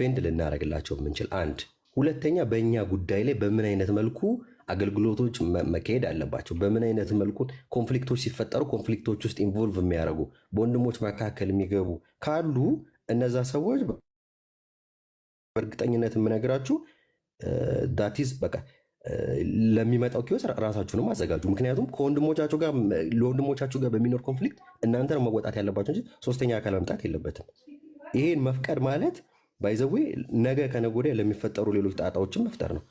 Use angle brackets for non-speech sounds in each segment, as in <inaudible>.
ዲፌንድ ልናደርግላቸው የምንችል አንድ ሁለተኛ በእኛ ጉዳይ ላይ በምን አይነት መልኩ አገልግሎቶች መካሄድ አለባቸው፣ በምን አይነት መልኩ ኮንፍሊክቶች ሲፈጠሩ ኮንፍሊክቶች ውስጥ ኢንቮልቭ የሚያደርጉ በወንድሞች መካከል የሚገቡ ካሉ እነዛ ሰዎች በእርግጠኝነት የምነግራችሁ ዳቲዝ በቃ ለሚመጣው ኪዮስ ራሳችሁንም አዘጋጁ። ምክንያቱም ከወንድሞቻችሁ ጋር ለወንድሞቻችሁ ጋር በሚኖር ኮንፍሊክት እናንተ ነው መወጣት ያለባቸው እንጂ ሶስተኛ አካል መምጣት የለበትም። ይሄን መፍቀድ ማለት ባይዘዌ ነገ ከነጎዳ ለሚፈጠሩ ሌሎች ጣጣዎችን መፍጠር ነው።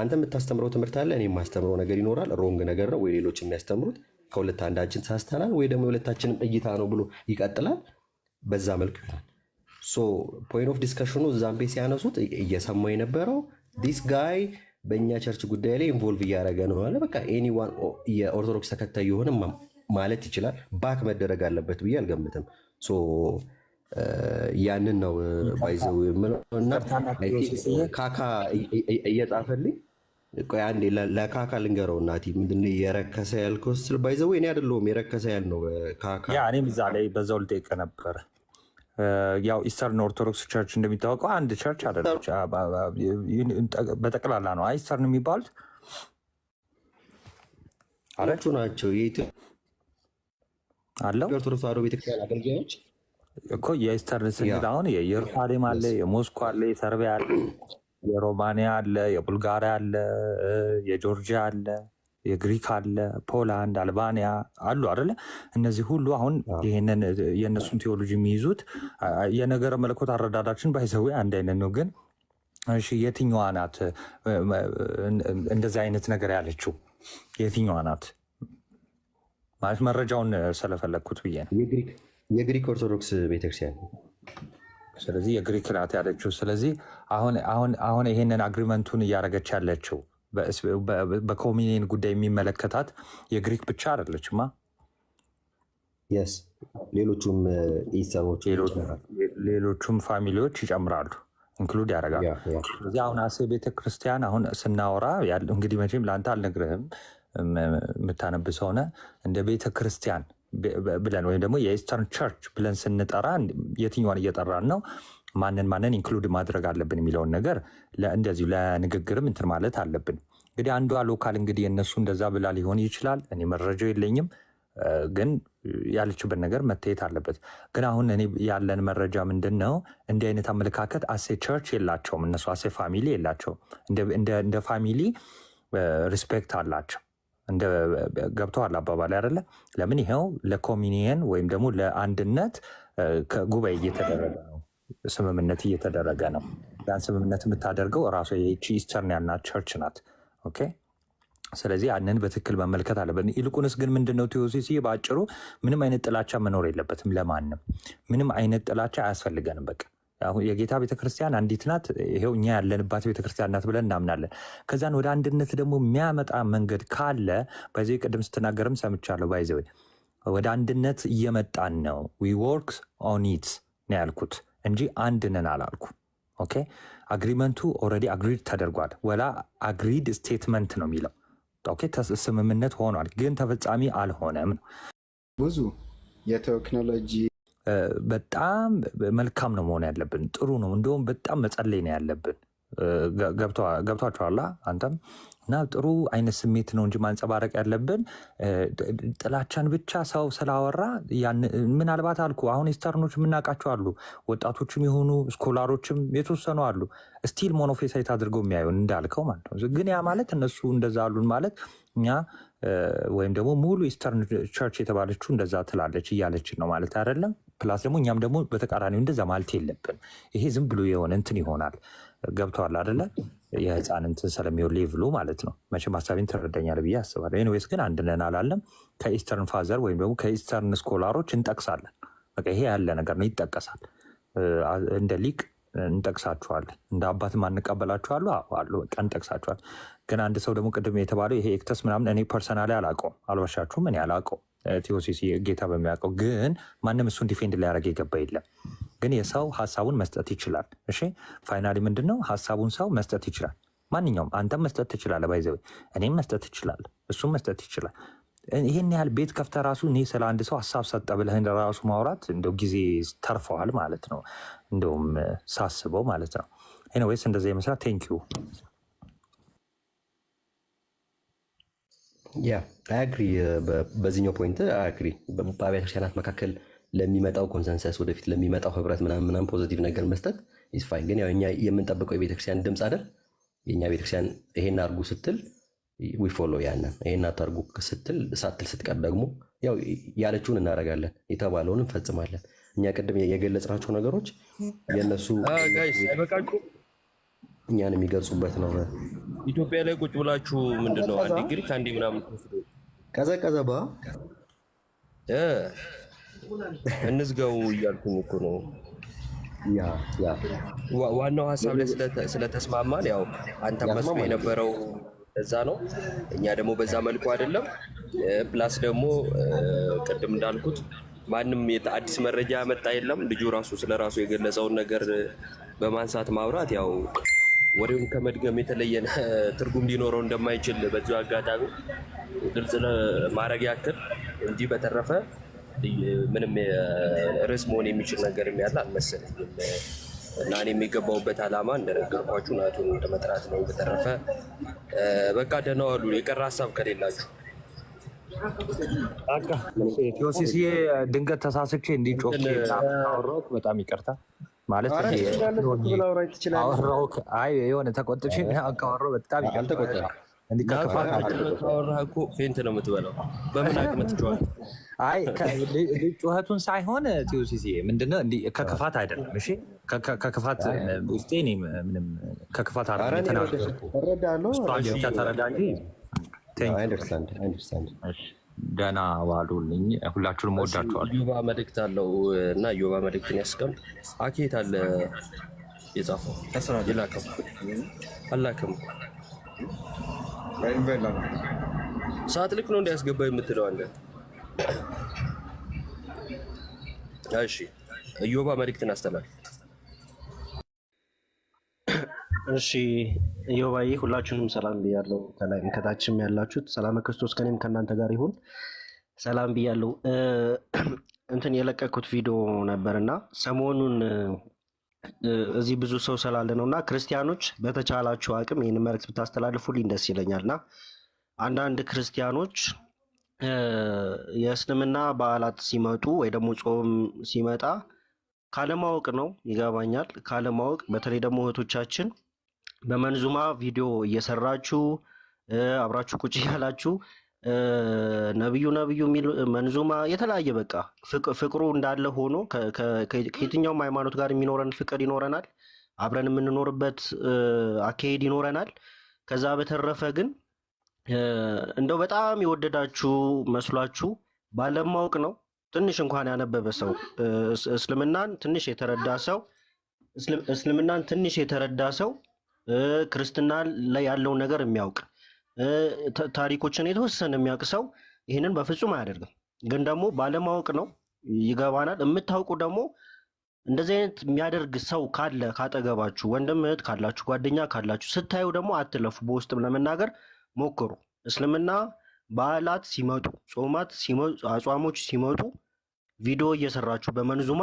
አንተ የምታስተምረው ትምህርት አለ፣ እኔ የማስተምረው ነገር ይኖራል። ሮንግ ነገር ነው ወይ ሌሎች የሚያስተምሩት ከሁለት አንዳችን ሳስተናል ወይ ደግሞ የሁለታችንም እይታ ነው ብሎ ይቀጥላል። በዛ መልክ ይሆናል። ሶ ፖይንት ኦፍ ዲስከሽኑ እዛም ቤት ሲያነሱት እየሰማው የነበረው ዲስ ጋይ በእኛ ቸርች ጉዳይ ላይ ኢንቮልቭ እያደረገ ነው አለ። በቃ ኤኒዋን የኦርቶዶክስ ተከታይ የሆነ ማለት ይችላል። ባክ መደረግ አለበት ብዬ አልገምትም። ያንን ነው ባይዘው uh, የምለውና ካካ እየጻፈልኝ አንዴ ለካካ ልንገረው እናቴ ምንድን የረከሰ ያልከው ስትል ባይዘው እኔ አይደለሁም የረከሰ ያል ነው ካካ እኔም እዛ ላይ በዛው ልጠይቅ ነበር ያው ኢስተርን ኦርቶዶክስ ቸርች እንደሚታወቀው አንድ ቸርች አደለች በጠቅላላ ነው ኢስተርን የሚባሉት አለቹ ናቸው የኢትዮ አለው ኦርቶዶክስ ተዋሕዶ ቤተክርስቲያን አገልጋዮች እኮ የኢስተርን ስንል አሁን የኢየሩሳሌም አለ፣ የሞስኮ አለ፣ የሰርቢያ አለ፣ የሮማኒያ አለ፣ የቡልጋሪያ አለ፣ የጆርጂያ አለ፣ የግሪክ አለ፣ ፖላንድ፣ አልባኒያ አሉ አይደለ? እነዚህ ሁሉ አሁን ይህንን የእነሱን ቴዎሎጂ የሚይዙት የነገረ መለኮት አረዳዳችን ባይዘዌ አንድ አይነት ነው። ግን እሺ የትኛዋ ናት እንደዚህ አይነት ነገር ያለችው የትኛዋ ናት ማለት መረጃውን ስለፈለግኩት ብዬ ነው። የግሪክ ኦርቶዶክስ ቤተክርስቲያን ስለዚህ የግሪክ ናት ያለችው። ስለዚህ አሁን ይሄንን አግሪመንቱን እያደረገች ያለችው በኮሚኒየን ጉዳይ የሚመለከታት የግሪክ ብቻ አይደለችማ። የስ ሌሎቹም uh, ሌሎቹም ፋሚሊዎች ይጨምራሉ፣ ኢንክሉድ ያደርጋሉ። ስለዚህ አሁን አሴ ቤተክርስቲያን አሁን ስናወራ እንግዲህ መቼም ለአንተ አልነግርህም የምታነብ ሆነ እንደ ቤተክርስቲያን ብለን ወይም ደግሞ የኢስተርን ቸርች ብለን ስንጠራ የትኛዋን እየጠራን ነው፣ ማንን ማንን ኢንክሉድ ማድረግ አለብን የሚለውን ነገር እንደዚሁ ለንግግርም እንትን ማለት አለብን። እንግዲህ አንዷ ሎካል እንግዲህ የእነሱ እንደዛ ብላ ሊሆን ይችላል። እኔ መረጃው የለኝም፣ ግን ያለችበት ነገር መታየት አለበት። ግን አሁን እኔ ያለን መረጃ ምንድን ነው? እንዲህ አይነት አመለካከት አሴ ቸርች የላቸውም እነሱ አሴ ፋሚሊ የላቸውም። እንደ ፋሚሊ ሪስፔክት አላቸው እንደ ገብተዋል አባባል አይደለ? ለምን ይኸው ለኮሚኒየን ወይም ደግሞ ለአንድነት ከጉባኤ እየተደረገ ነው፣ ስምምነት እየተደረገ ነው። ያን ስምምነት የምታደርገው ራሱ የቺ ኢስተርን ያልናት ቸርች ናት። ኦኬ ስለዚህ ያንን በትክክል መመልከት አለበት። ይልቁንስ ግን ምንድነው ቴዎሲሲ በአጭሩ ምንም አይነት ጥላቻ መኖር የለበትም ለማንም ምንም አይነት ጥላቻ አያስፈልገንም በቃ አሁን የጌታ ቤተክርስቲያን አንዲት ናት። ይሄው እኛ ያለንባት ቤተክርስቲያን ናት ብለን እናምናለን። ከዛን ወደ አንድነት ደግሞ የሚያመጣ መንገድ ካለ በዚህ ቅድም ስትናገርም ሰምቻለሁ። ባይዘ ወደ አንድነት እየመጣን ነው። ዊ ወርክ ኦን ኢት ነው ያልኩት እንጂ አንድ ነን አላልኩ። ኦኬ አግሪመንቱ ኦልሬዲ አግሪድ ተደርጓል። ወላ አግሪድ ስቴትመንት ነው የሚለው። ኦኬ ስምምነት ሆኗል፣ ግን ተፈጻሚ አልሆነም ነው ብዙ የቴክኖሎጂ በጣም መልካም ነው መሆን ያለብን፣ ጥሩ ነው። እንደውም በጣም መጸለይ ነው ያለብን። ገብቷቸዋላ አንተም እና ጥሩ አይነት ስሜት ነው እንጂ ማንጸባረቅ ያለብን ጥላቻን ብቻ ሰው ስላወራ ምናልባት አልኩ አሁን ኤስተርኖች የምናውቃቸው አሉ፣ ወጣቶችም የሆኑ ስኮላሮችም የተወሰኑ አሉ። ስቲል ሞኖፌሳይት አድርገው የሚያዩን እንዳልከው ማለት ነው። ግን ያ ማለት እነሱ እንደዛ አሉን ማለት እኛ ወይም ደግሞ ሙሉ ኢስተርን ቸርች የተባለችው እንደዛ ትላለች እያለችን ነው ማለት አይደለም። ፕላስ ደግሞ እኛም ደግሞ በተቃራኒው እንደዛ ማለት የለብን። ይሄ ዝም ብሎ የሆነ እንትን ይሆናል። ገብተዋል አደለ? የህፃን እንትን ስለሚሆን ሌቭሉ ማለት ነው። መቼም ሀሳቤን ትረዳኛለህ ብዬ አስባለሁ። ኤኒዌይስ ግን አንድነን አላለም። ከኢስተርን ፋዘር ወይም ደግሞ ከኢስተርን ስኮላሮች እንጠቅሳለን። በቃ ይሄ ያለ ነገር ነው፣ ይጠቀሳል። እንደ ሊቅ እንጠቅሳችኋለን። እንደ አባትም አንቀበላችኋሉ አሉ። በቃ እንጠቅሳችኋል። ግን አንድ ሰው ደግሞ ቅድም የተባለው ይሄ ኤክተስ ምናምን እኔ ፐርሰናሊ አላውቀውም፣ አልዋሻችሁም። እኔ አላውቀውም። ቲዮሲሲ ጌታ በሚያውቀው ግን ማንም እሱን ዲፌንድ ሊያደርግ የገባ የለም። ግን የሰው ሀሳቡን መስጠት ይችላል። እሺ ፋይናሊ ምንድነው ሀሳቡን ሰው መስጠት ይችላል። ማንኛውም አንተም መስጠት ትችላለህ። ባይዘ እኔም መስጠት ይችላል፣ እሱም መስጠት ይችላል። ይህን ያህል ቤት ከፍተህ ራሱ እኔ ስለ አንድ ሰው ሀሳብ ሰጠ ብለህን ራሱ ማውራት እንደው ጊዜ ተርፈዋል ማለት ነው። እንደውም ሳስበው ማለት ነው። ኤኒዌይስ እንደዚህ የመስራት ቴንኪዩ ያ አያግሪ በዚህኛው ፖይንት አያግሪ። በአብያተ ክርስቲያናት መካከል ለሚመጣው ኮንሰንሰስ ወደፊት ለሚመጣው ህብረት ምናምናም ፖዘቲቭ ነገር መስጠት ኢስፋይን። ግን ያው እኛ የምንጠብቀው የቤተክርስቲያን ድምፅ አይደል? የእኛ ቤተክርስቲያን ይሄን አድርጉ ስትል ፎሎ ያንን፣ ይሄን አታርጉ ስትል ሳትል ስትቀር ደግሞ ያው ያለችውን እናደርጋለን የተባለውን እንፈጽማለን። እኛ ቅድም የገለጽናቸው ነገሮች የእነሱ እኛን የሚገልጹበት ነው። ኢትዮጵያ ላይ ቁጭ ብላችሁ ምንድን ነው አንዴ ግሪክ ምናምን ቀዘቀዘ ባ እንዝጋው እያልኩኝ እኮ ነው። ዋናው ሀሳብ ላይ ስለተስማማን ያው አንተ መስሎ የነበረው እዛ ነው። እኛ ደግሞ በዛ መልኩ አይደለም። ፕላስ ደግሞ ቅድም እንዳልኩት ማንም አዲስ መረጃ ያመጣ የለም። ልጁ ራሱ ስለራሱ የገለጸውን ነገር በማንሳት ማውራት ያው ወሬውን ከመድገም የተለየ ትርጉም ሊኖረው እንደማይችል በዚሁ አጋጣሚ ግልጽ ማድረግ ያክል እንጂ በተረፈ ምንም ርዕስ መሆን የሚችል ነገር ያለ አልመሰለኝም። እና እኔ የሚገባውበት ዓላማ እንደነገርኳችሁ ናቱን ለመጥራት ነው። በተረፈ በቃ ደህና ዋሉ። የቀረ ሀሳብ ከሌላችሁ ቴዎሲስዬ፣ ድንገት ተሳስቼ እንዲጮክ በጣም ይቅርታ። ማለት የሆነ ተቆጥቼ በጣም ፌንት ነው የምትበላው። በምን አቅም አይ ጩኸቱን ሳይሆን ቲዩሲሲ ምንድነው? ከክፋት አይደለም። እሺ ከክፋት ውስጤ ምንም ከክፋት ተረዳ እንጂ ደህና ዋሉልኝ። ሁላችሁንም ወዳችኋል። ዮባ መልእክት አለው እና ዮባ መልእክትን ያስቀምጥ። አኬት አለ የጻፈው የላከው ሰዓት ልክ ነው እንዳያስገባ የምትለው አለ። እሺ ዮባ መልእክትን አስተላልፍ። እሺ ዮባዬ ሁላችሁንም ሰላም ብያለሁ። ከላይም ከታችም ያላችሁት ሰላም ክርስቶስ ከኔም ከእናንተ ጋር ይሁን። ሰላም ብያለሁ። እንትን የለቀኩት ቪዲዮ እና ሰሞኑን እዚህ ብዙ ሰው ስላለ ነው እና ክርስቲያኖች በተቻላችሁ አቅም ይህን መልዕክት ብታስተላልፉልኝ ደስ ይለኛል እና አንዳንድ ክርስቲያኖች የእስልምና በዓላት ሲመጡ ወይ ደግሞ ጾም ሲመጣ ካለማወቅ ነው ይገባኛል፣ ካለማወቅ በተለይ ደግሞ እህቶቻችን በመንዙማ ቪዲዮ እየሰራችሁ አብራችሁ ቁጭ ያላችሁ ነብዩ ነብዩ የሚል መንዙማ የተለያየ በቃ ፍቅሩ እንዳለ ሆኖ ከየትኛውም ሃይማኖት ጋር የሚኖረን ፍቅር ይኖረናል። አብረን የምንኖርበት አካሄድ ይኖረናል። ከዛ በተረፈ ግን እንደው በጣም የወደዳችሁ መስሏችሁ ባለማወቅ ነው። ትንሽ እንኳን ያነበበ ሰው እስልምናን ትንሽ የተረዳ ሰው እስልምናን ትንሽ የተረዳ ሰው ክርስትና ላይ ያለውን ነገር የሚያውቅ ታሪኮችን የተወሰነ የሚያውቅ ሰው ይህንን በፍጹም አያደርግም። ግን ደግሞ ባለማወቅ ነው፣ ይገባናል። የምታውቁ ደግሞ እንደዚህ አይነት የሚያደርግ ሰው ካለ ካጠገባችሁ፣ ወንድም እህት ካላችሁ፣ ጓደኛ ካላችሁ ስታዩ ደግሞ አትለፉ። በውስጥም ለመናገር ሞክሩ። እስልምና በዓላት ሲመጡ፣ ጾማት፣ አጽዋሞች ሲመጡ ቪዲዮ እየሰራችሁ በመንዙማ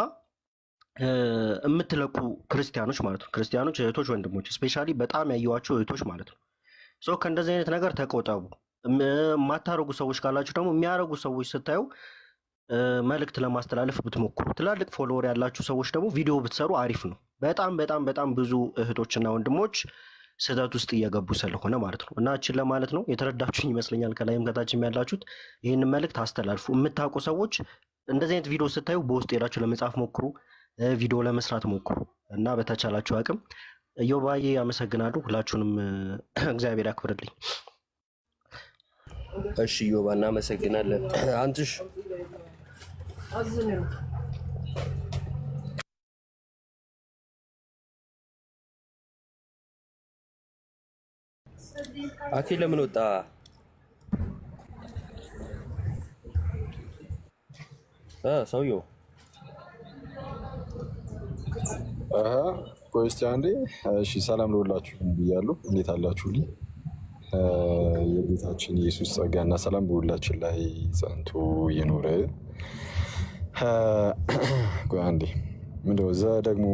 የምትለቁ ክርስቲያኖች ማለት ነው። ክርስቲያኖች እህቶች፣ ወንድሞች እስፔሻሊ በጣም ያየዋቸው እህቶች ማለት ነው። ሰው ከእንደዚህ አይነት ነገር ተቆጠቡ። የማታረጉ ሰዎች ካላችሁ ደግሞ የሚያረጉ ሰዎች ስታዩ መልእክት ለማስተላለፍ ብትሞክሩ፣ ትላልቅ ፎሎወር ያላችሁ ሰዎች ደግሞ ቪዲዮ ብትሰሩ አሪፍ ነው። በጣም በጣም በጣም ብዙ እህቶችና ወንድሞች ስህተት ውስጥ እየገቡ ስለሆነ ማለት ነው። እና እችን ለማለት ነው። የተረዳችሁኝ ይመስለኛል። ከላይም ከታችም ያላችሁት ይህንን መልእክት አስተላልፉ። የምታውቁ ሰዎች እንደዚህ አይነት ቪዲዮ ስታዩ በውስጥ ሄዳችሁ ለመጻፍ ሞክሩ። ቪዲዮ ለመስራት ሞክሩ እና በተቻላችሁ አቅም እዮባዬ ያመሰግናሉ። ሁላችሁንም እግዚአብሔር ያክብርልኝ። እሺ ዮባ እናመሰግናለን። አንትሽ አኪ ለምን ወጣ? ሰውየው ቆይ አንዴ። እሺ፣ ሰላም ለሁላችሁ ብያለሁ። እንዴት አላችሁልኝ? የጌታችን ኢየሱስ ጸጋና ሰላም በሁላችን ላይ ጸንቶ ይኑር። ቆይ አንዴ ምንድነው ዘ ደግሞ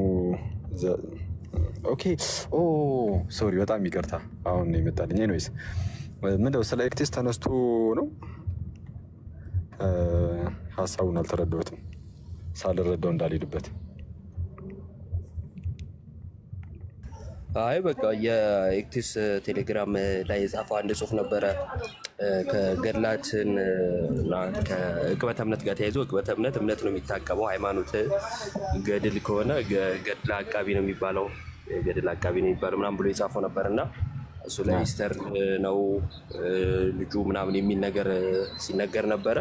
ኦኬ ኦ ሶሪ፣ በጣም ይቅርታ አሁን ይመጣልኝ። ኤኒዌይስ ምንድነው ስለ ኤክቴስ ተነስቶ ነው ሀሳቡን አልተረዳሁትም፣ ሳልረዳው እንዳልሄድበት አይ በቃ የኤክቲስ ቴሌግራም ላይ የጻፈው አንድ ጽሁፍ ነበረ። ከገድላትን ከእቅበተ እምነት ጋር ተያይዞ እቅበተ እምነት እምነት ነው የሚታቀበው፣ ሃይማኖት ገድል ከሆነ ገድል አቃቢ ነው የሚባለው፣ ገድል አቃቢ ነው የሚባለው ምናም ብሎ የጻፈው ነበር እና እሱ ላይ ኢስተር ነው ልጁ ምናምን የሚል ነገር ሲነገር ነበረ።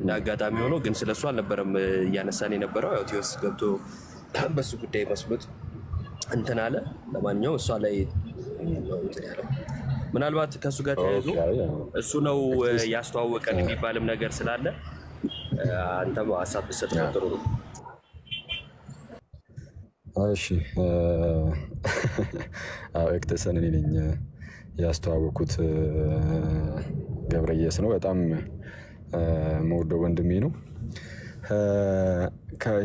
እንደ አጋጣሚ ሆኖ ግን ስለሱ አልነበረም እያነሳን የነበረው ያው ቴዎስ ገብቶ በሱ ጉዳይ መስሎት እንትን አለ። ለማንኛውም እሷ ላይ ምናልባት ከእሱ ጋር ተያይዞ እሱ ነው ያስተዋወቀን የሚባልም ነገር ስላለ አንተ ሀሳብ ብትሰጥ ጥሩ ነው። እሺ ኤክተሰን እኔ ነኝ ያስተዋወቅኩት። ገብረየስ ነው። በጣም መወደው ወንድሜ ነው።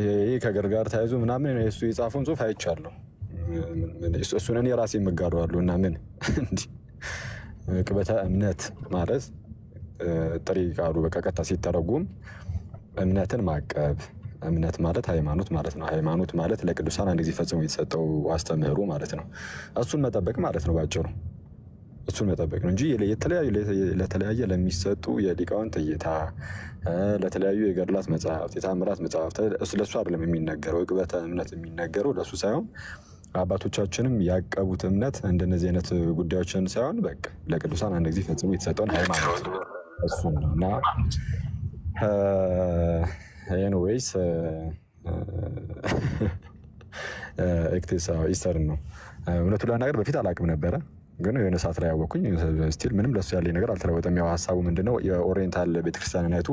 ይህ ከእግር ጋር ተያይዞ ምናምን እሱ የጻፈውን ጽሁፍ አይቻለሁ። እሱን እኔ ራሴ የምጋረዋለሁ እና ምን ቅበተ እምነት ማለት ጥሪ ቃሉ በቃ ሲተረጉም እምነትን ማቀብ እምነት ማለት ሃይማኖት ማለት ነው። ሃይማኖት ማለት ለቅዱሳን አንድ ጊዜ ፈጽሞ የተሰጠው አስተምህሮ ማለት ነው። እሱን መጠበቅ ማለት ነው ባጭሩ እሱን መጠበቅ ነው እንጂ የተለያዩ ለተለያየ ለሚሰጡ የሊቃውንት እይታ ለተለያዩ የገድላት መጽሐፍት፣ የታምራት መጽሐፍት ለእሱ አይደለም የሚነገረው። ቅበተ እምነት የሚነገረው ለእሱ ሳይሆን አባቶቻችንም ያቀቡት እምነት እንደነዚህ አይነት ጉዳዮችን ሳይሆን በቃ ለቅዱሳን አንድ ጊዜ ፈጽሞ የተሰጠውን ሃይማኖት እሱን ነው እና ኤንዌይስ ኤክቴሳ ኢስተርን ነው እውነቱ ለመናገር በፊት አላውቅም ነበረ ግን የሆነ ሰዓት ላይ ያወቅኩኝ ስቲል ምንም ለሱ ያለኝ ነገር አልተለወጠም። ያው ሀሳቡ ምንድነው የኦሪየንታል ቤተክርስቲያንነቱ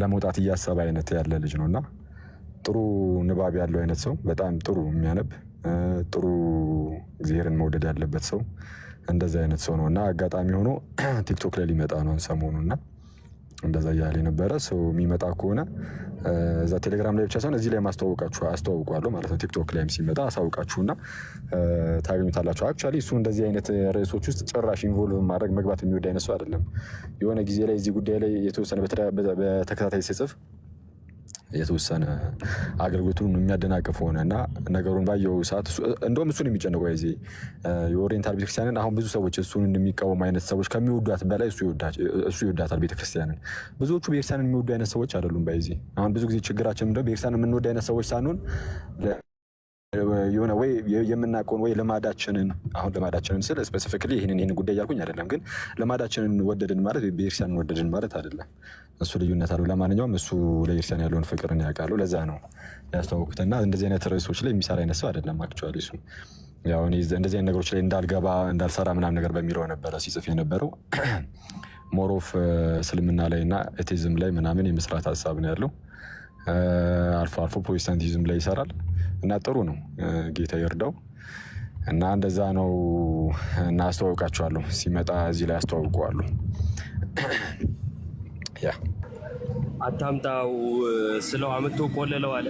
ለመውጣት እያሰበ አይነት ያለ ልጅ ነው እና ጥሩ ንባብ ያለው አይነት ሰው በጣም ጥሩ የሚያነብ ጥሩ እግዚአብሔርን መውደድ ያለበት ሰው እንደዚ አይነት ሰው ነው እና አጋጣሚ ሆኖ <clears throat> ቲክቶክ ላይ ሊመጣ ነው ሰሞኑ እና እንደዛ እያለ ነበረ። ሰው የሚመጣ ከሆነ እዛ ቴሌግራም ላይ ብቻ ሳይሆን እዚህ ላይ ማስተዋወቃችሁ አስተዋውቋሉ ማለት ነው። ቲክቶክ ላይም ሲመጣ አሳውቃችሁና ታገኙታላችሁ። አክቹዋሊ እሱ እንደዚህ አይነት ርዕሶች ውስጥ ጭራሽ ኢንቮልቭ ማድረግ መግባት የሚወድ አይነት ሰው አይደለም። የሆነ ጊዜ ላይ እዚህ ጉዳይ ላይ የተወሰነ በተከታታይ ስጽፍ የተወሰነ አገልግሎቱን የሚያደናቅፍ ሆነ እና ነገሩን ባየው ሰዓት እንደውም እሱን የሚጨንቀው ዚ የኦሪንታል ቤተክርስቲያንን አሁን ብዙ ሰዎች እሱን እንደሚቃወሙ አይነት ሰዎች ከሚወዷት በላይ እሱ ይወዳታል ቤተክርስቲያንን። ብዙዎቹ ቤተክርስቲያንን የሚወዱ አይነት ሰዎች አይደሉም። በዚህ አሁን ብዙ ጊዜ ችግራችን ቤተክርስቲያን የምንወድ አይነት ሰዎች ሳንሆን የሆነ ወይ የምናውቀውን ወይ ልማዳችንን አሁን ልማዳችንን ስል ስፔሲፊክሊ ይህንን ይህን ጉዳይ እያልኩኝ አይደለም፣ ግን ልማዳችንን ወደድን ማለት ቤተክርስቲያንን ወደድን ማለት አይደለም። እሱ ልዩነት አለው። ለማንኛውም እሱ ለቤተክርስቲያን ያለውን ፍቅርን ያውቃሉ። ለዛ ነው ያስታወቁት እና እንደዚህ አይነት ርዕሶች ላይ የሚሰራ አይነት ሰው አይደለም። አክቹዋሊ እሱ ያው እንደዚህ አይነት ነገሮች ላይ እንዳልገባ እንዳልሰራ ምናምን ነገር በሚለው ነበረ ሲጽፍ የነበረው ሞሮፍ <clears throat> uh, እስልምና ላይ እና ኤቲዝም ላይ ምናምን የመስራት ሀሳብ ነው ያለው አልፎ አልፎ ፕሮቴስታንቲዝም ላይ ይሰራል እና ጥሩ ነው። ጌታ ይርዳው እና እንደዛ ነው እና አስተዋውቃቸዋለሁ። ሲመጣ እዚህ ላይ አስተዋውቀዋለሁ። ያ አታምጣው ስለው አምቶ ቆለለው አለ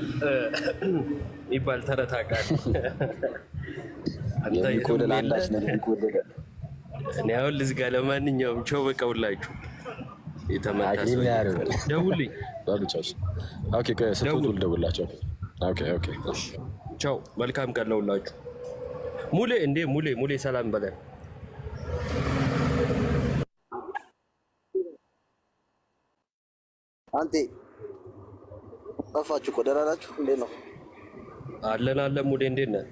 የሚባል ተረት አውቃለሁ። እኔ አሁን ልዝጋ። ለማንኛውም ቸው በቀውላችሁ የተመታ ደውልኝ ዳግቻቸው ኦኬ፣ ከስልኩ ልደውልላቸው። ኦኬ ኦኬ፣ ቻው፣ መልካም ቀን ለውላችሁ። ሙሌ እንዴ፣ ሙሌ ሙሌ፣ ሰላም በለ አንቴ ጠፋችሁ እኮ ደህና ናችሁ? እንዴት ነው? አለን አለን። ሙሌ እንዴት ነህ?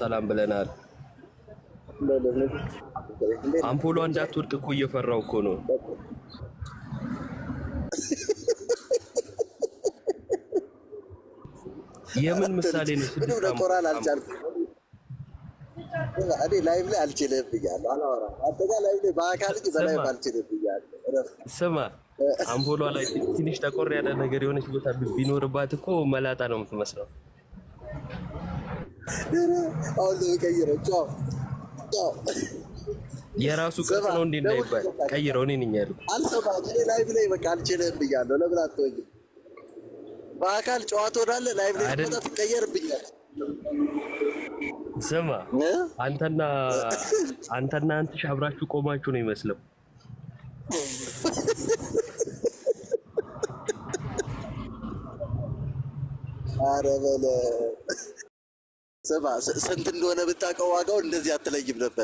ሰላም ብለናል። አምፖሏ እንዳትወድቅ እኮ እየፈራው እኮ ነው። የምን ምሳሌ ነው? ስድስት ለቆራል አልቻልኩም። እኔ ላይቭ ላይ አልችልም ብያለሁ። አላወራም። አጠቃላይ ላይ በአካል እንጂ በላይቭ አልችልም ብያለሁ። ስማ አምፖሏ ላይ ትንሽ ጠቆር ያለ ነገር የሆነች ቦታ ቢኖርባት እኮ መላጣ ነው የምትመስለው። አሁን ቀይረው የራሱ ቅርጽ ነው እንዲናይባል ቀይረው። እኔ ነኝ ያልኩት። አልሰማህም። እኔ ላይቭ ላይ በቃ አልችልም ብያለሁ። ለምን አትወኝም? በአካል ጨዋታ ወዳለ ላይቭ ላይ ተመጣ ትቀየርብኛል። ስማ አንተና አንተና አንትሽ አብራችሁ ቆማችሁ ነው ይመስለው። ኧረ በለው ስማ፣ ስንት እንደሆነ ብታውቀው ዋጋው እንደዚህ አትለይም ነበር።